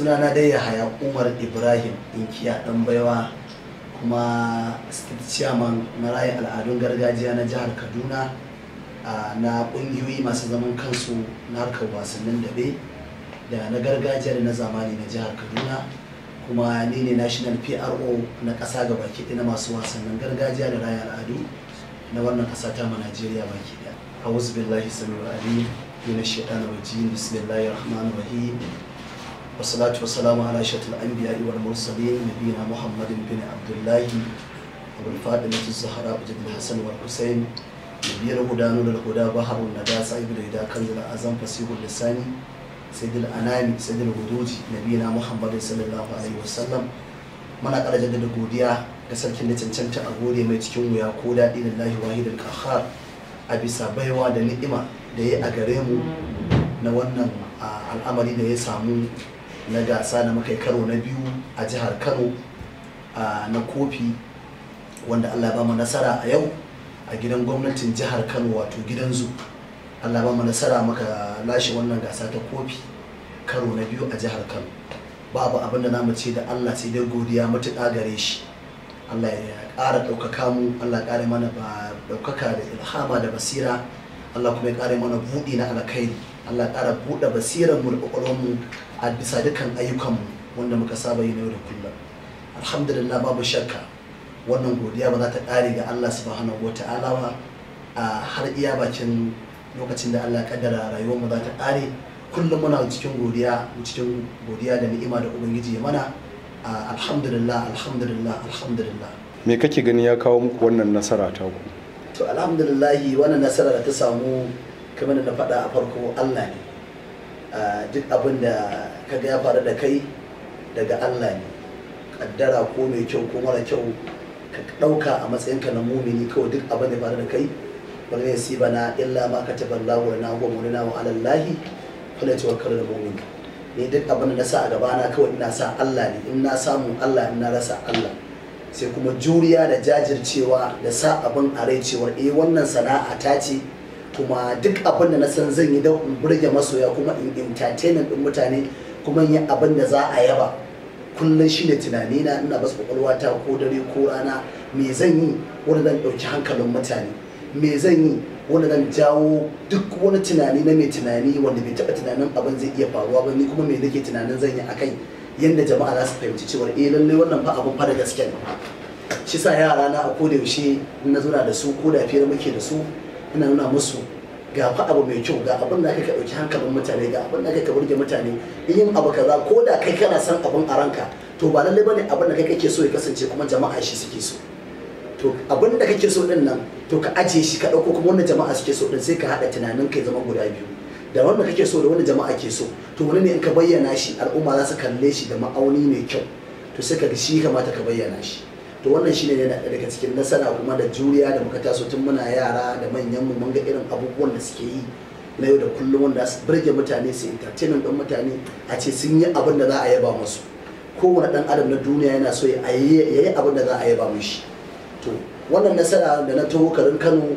sunana dai yahaya umar ibrahim inkiya dan baiwa kuma state chairman na rayin al'adun gargajiya na jihar kaduna na kungiyoyi masu zaman kansu na harkar wasannin dabe da na gargajiya da na zamani na jihar kaduna kuma ni ne national pro na ƙasa ga baki ɗaya na masu wasannin gargajiya da rayin al'adu na wannan kasa ta ma najeriya baki ɗaya a wasu billahi sami ra'ayi yana shaɗa na wajen bismillahir والصلاة والسلام على أشرف الأنبياء والمرسلين نبينا محمد بن عبد الله والفاطمة الزهراء بن الحسن والحسين نبينا هدان للهدى بحر الندى سعيد الهدى كنز الأعظم فسيح اللسان سيد الأنام سيد الهدوج نبينا محمد صلى الله عليه وسلم mana ƙara jaddada godiya ga sarkin da cancanta a gode mai cikin wuya ko daɗi da lahi wahidin kahar a bisa baiwa da ni'ima da ya a gare mu na wannan al'amari da ya samu na gasa da muka yi karo na biyu a jihar kano na kofi wanda allah ba mu nasara a yau a gidan gwamnatin jihar kano wato gidan zu allah ba mu nasara muka lashe wannan gasa ta kofi karo na biyu a jihar kano babu abin da na ce da allah sai dai godiya matuƙa gare shi allah ya ƙara ɗaukaka mu allah ƙara mana ba ɗaukaka da ilhama da basira allah kuma ya ƙara mana buɗi na alkhairi Allah ƙara buɗe basirar mu da ƙwaƙwalwarmu a bisa dukkan ayyukanmu wanda muka saba yi na yau da kullum alhamdulillah babu shakka wannan godiya ba za ta ƙare ga Allah subhanahu wata'ala ba a har iya bakin lokacin da Allah kaddara rayuwar mu za ta ƙare kullum muna cikin godiya cikin godiya da ni'ima da ubangiji ya mana alhamdulillah alhamdulillah alhamdulillah me kake gani ya kawo muku wannan nasara ta ku to alhamdulillah wannan nasara da ta samu kamar da na faɗa a farko Allah ne duk abin da ka ga ya faru da kai daga Allah ne kaddara ko mai kyau ko mara kyau ka ɗauka a matsayinka na mumini kawai duk abin da faru da kai wani ya si bana illa ma ka taɓa lawa na ko muni na wa alallahi kula ce wakar da mumin ni duk abin da na sa a na kawai ina sa Allah ne in na samu Allah in na rasa Allah sai kuma juriya da jajircewa da sa abin a rai cewar eh wannan sana'a ta ce kuma duk abin da na san zan yi da in burge masoya kuma in entertainment din mutane kuma yi abin da za a yaba kullum ne tunani na ina basu kwakwalwata ko dare ko rana me zan yi wanda zan ɗauki hankalin mutane me zan yi wanda zan jawo duk wani tunani na mai tunani wanda bai taɓa tunanin abin zai iya faruwa ba ni kuma me nake tunanin zan yi akai yanda jama'a za su fahimci cewa eh lallai wannan fa abin fa da gaske ne shi sa yara na a koda yaushe na zuna da su ko da fiye muke da su ina nuna musu ga fa abu mai kyau ga abin da kake ɗauki hankalin mutane ga abin da kake burge mutane yin abu kaza ko da kai kana san abin a ranka to ba lallai bane abin da kake so ya kasance kuma jama'a shi suke so to abin da kake so din nan to ka ajiye shi ka dauko kuma wannan jama'a suke so din sai ka haɗa tunanin kai zama guda biyu da wanda kake so da wanda jama'a ke so to wani ne in ka bayyana shi al'umma za su kalle shi da ma'auni mai kyau to sai ka ga shi kamata ka bayyana shi to wannan shine yana da daga cikin nasara kuma da juriya da muka taso tun muna yara da manyan mu mun ga irin abubuwan da suke yi na yau da kullum wanda su burge mutane su entertainment ɗin mutane a ce sun yi abin da za a yaba musu kowane dan adam na duniya yana so ya yi abin da za a yaba mishi to wannan nasara da na taho karin kano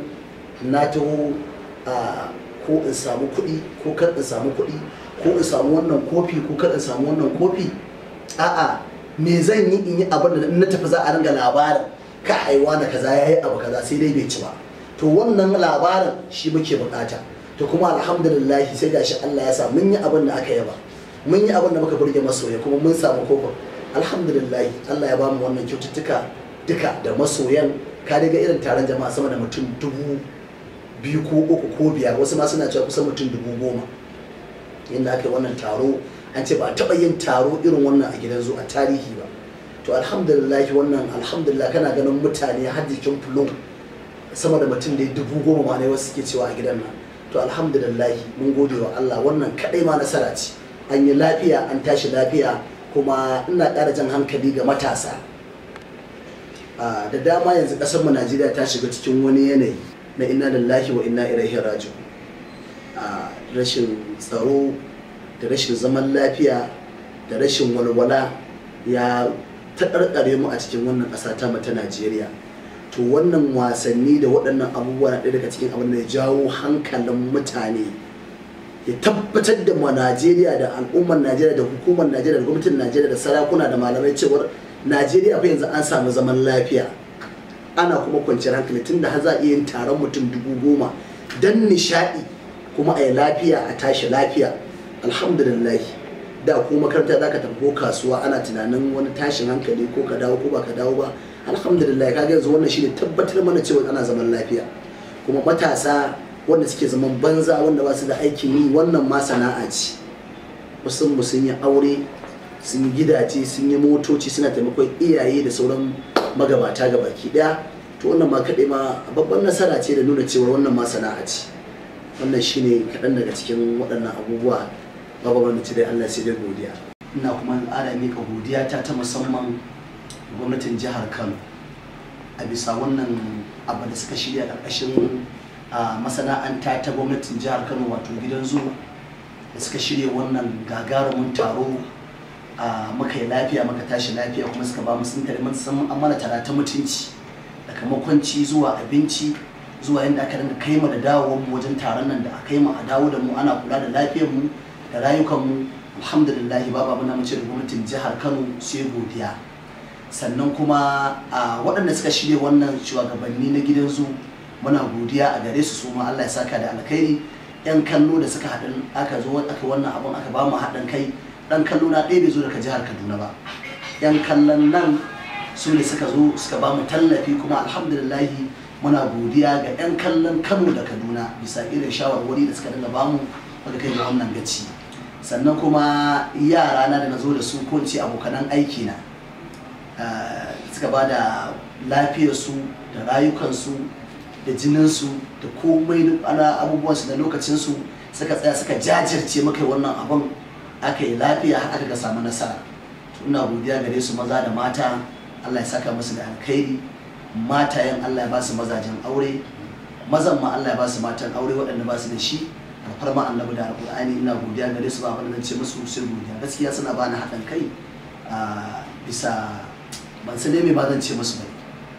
na taho a ko in samu kuɗi ko kar in samu kuɗi ko in samu wannan kofi ko kar in samu wannan kofi a'a me zan yi in yi abin da na tafi za a ringa labarin ka aiwa da kaza ya yi abu kaza sai dai bai ci ba to wannan labarin shi muke bukata to kuma alhamdulillah sai gashi Allah ya sa mun yi abin da aka yaba mun yi abin da muka burge masoya kuma mun samu kofin alhamdulillah Allah ya mu wannan kyaututtuka duka da masoyan ka daga irin taron jama'a sama da mutum dubu biyu ko uku ko biyar wasu ma suna cewa kusan mutum dubu goma inda aka yi wannan taro an ce ba a taɓa yin taro irin wannan a gidan zu a tarihi ba to alhamdulillah wannan alhamdulillah kana ganin mutane har jikin fulon sama da mutum da dubu goma ma ne wasu suke cewa a gidan nan to alhamdulillah mun gode wa Allah wannan kadai ma nasara ce an yi lafiya an tashi lafiya kuma ina ƙara jan hankali ga matasa da dama yanzu mu Najeriya ta shiga cikin wani yanayi na inna lillahi wa inna ilaihi raji'un rashin tsaro da rashin zaman lafiya da rashin walwala ya taɗarɗare mu a cikin wannan ƙasa ta ta najeriya to wannan wasanni da waɗannan abubuwa na ɗaya daga cikin abin da ya jawo hankalin mutane ya tabbatar da ma najeriya da al'ummar najeriya da hukumar najeriya da gwamnatin najeriya da sarakuna da malamai cewar najeriya fa yanzu an samu zaman lafiya ana kuma kwanciyar hankali tun da har za a iya yin taron mutum dubu goma don nishaɗi kuma a yi lafiya a tashi lafiya alhamdulillah da ko makaranta zaka tafi ko kasuwa ana tunanin wani tashin hankali ko ka dawo ko ba ka dawo ba alhamdulillah kaga yanzu wannan shi ne tabbatar mana cewa ana zaman lafiya kuma matasa wanda suke zaman banza wanda ba su da aikin yi wannan ma sana'a ce wasu mu sun yi aure sun yi gidaje sun yi motoci suna taimakon iyaye da sauran magabata ga baki daya to wannan ma kaɗai ma babban nasara ce da nuna cewa wannan ma sana'a ce wannan shine kaɗan daga cikin waɗannan abubuwa gaba wani ci dai Allah sai dai godiya ina kuma ƙara ka godiya ta ta musamman gwamnatin jihar Kano a bisa wannan abu da suka shirya ƙarƙashin masana'anta ta gwamnatin jihar Kano wato gidan zuwa da suka shirya wannan gagarumin taro a muka yi lafiya muka tashi lafiya kuma suka ba mu sun tare mun san amana tara ta mutunci daga makwanci zuwa abinci zuwa yanda aka dinga kai mu da dawowar mu wajen taron nan da aka yi mu a dawo da mu ana kula da lafiyar mu da rayukanmu alhamdulillah babu na da mace gwamnatin jihar kano sai godiya sannan kuma a waɗanda suka shirya wannan shugabanni na gidan su muna godiya a gare su suma allah ya saka da alkhairi yan kallo da suka haɗin aka zo aka wannan abun aka ba mu haɗin kai ɗan kallo na ɗaya bai zo daga jihar kaduna ba yan kallon nan su ne suka zo suka ba mu tallafi kuma alhamdulillah muna godiya ga yan kallon kano da kaduna bisa irin shawarwari da suka dinga bamu wanda kai wannan gaci sannan kuma yara na da na zo da su ko ce abokanan aiki na ah, suka ba da lafiyarsu da rayukansu da jininsu da komai ana abubuwansu da lokacinsu suka tsaya suka jajirce maka wannan abin aka yi lafiya aka ga samu nasara ina godiya gare su maza da mata Allah ya saka musu da alkhairi matayen Allah ya ba su mazajen aure mazan ma Allah ya ba su matan aure waɗanda ba su da shi farma annabi da alƙur'ani ina godiya gare su ba ban ce musu sai godiya gaskiya suna bani haɗin kai a bisa ban san me ba zan ce musu ba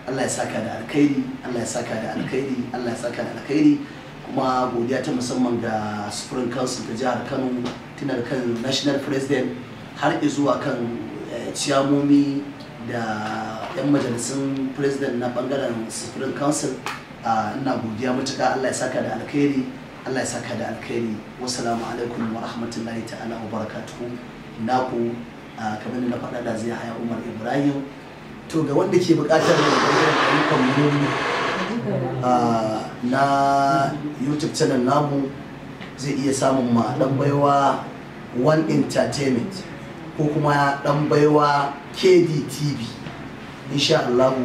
Allah ya saka da alkhairi Allah ya saka da alkhairi Allah ya saka da alkhairi kuma godiya ta musamman ga supreme council. ta jihar Kano tunar kan national president har zuwa kan eh, ciyamomi da 'yan majalisun president na bangaren supreme council ina godiya matuƙa Allah ya saka da alkhairi Allah ya saka da alkhairi wasalamu alaikum wa rahmatullahi ta'ala wa barakatuhu naku ah, kamar da na faɗa da zai haya Umar Ibrahim to ga wanda ke buƙatar ayyukan mu ah, na YouTube channel namu zai iya samun ma dan baiwa One Entertainment ko kuma dan baiwa KDTV insha Allah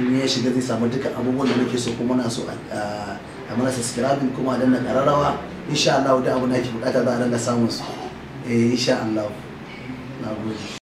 in ya shiga zai samu dukkan abubuwan da muke so kuma na so a ah, a mana subscribing kuma dan danna kararrawa insha Allah duk abin da ake bukata za a dinga samun su eh insha Allah na gode